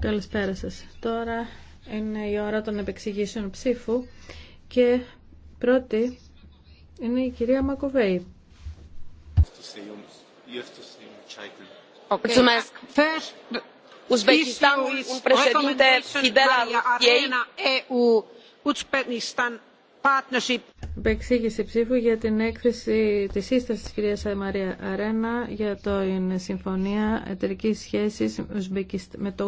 Καλησπέρα σας. Τώρα είναι η ώρα των επεξηγήσεων ψήφου και πρώτη είναι η κυρία Μακοβέη. Ουσβεκιστάν, Εξήγηση Επεξήγηση ψήφου για την έκθεση τη σύσταση τη κυρία Μαρία Αρένα για την συμφωνία εταιρική σχέση με το Ουσμπεκιστάν.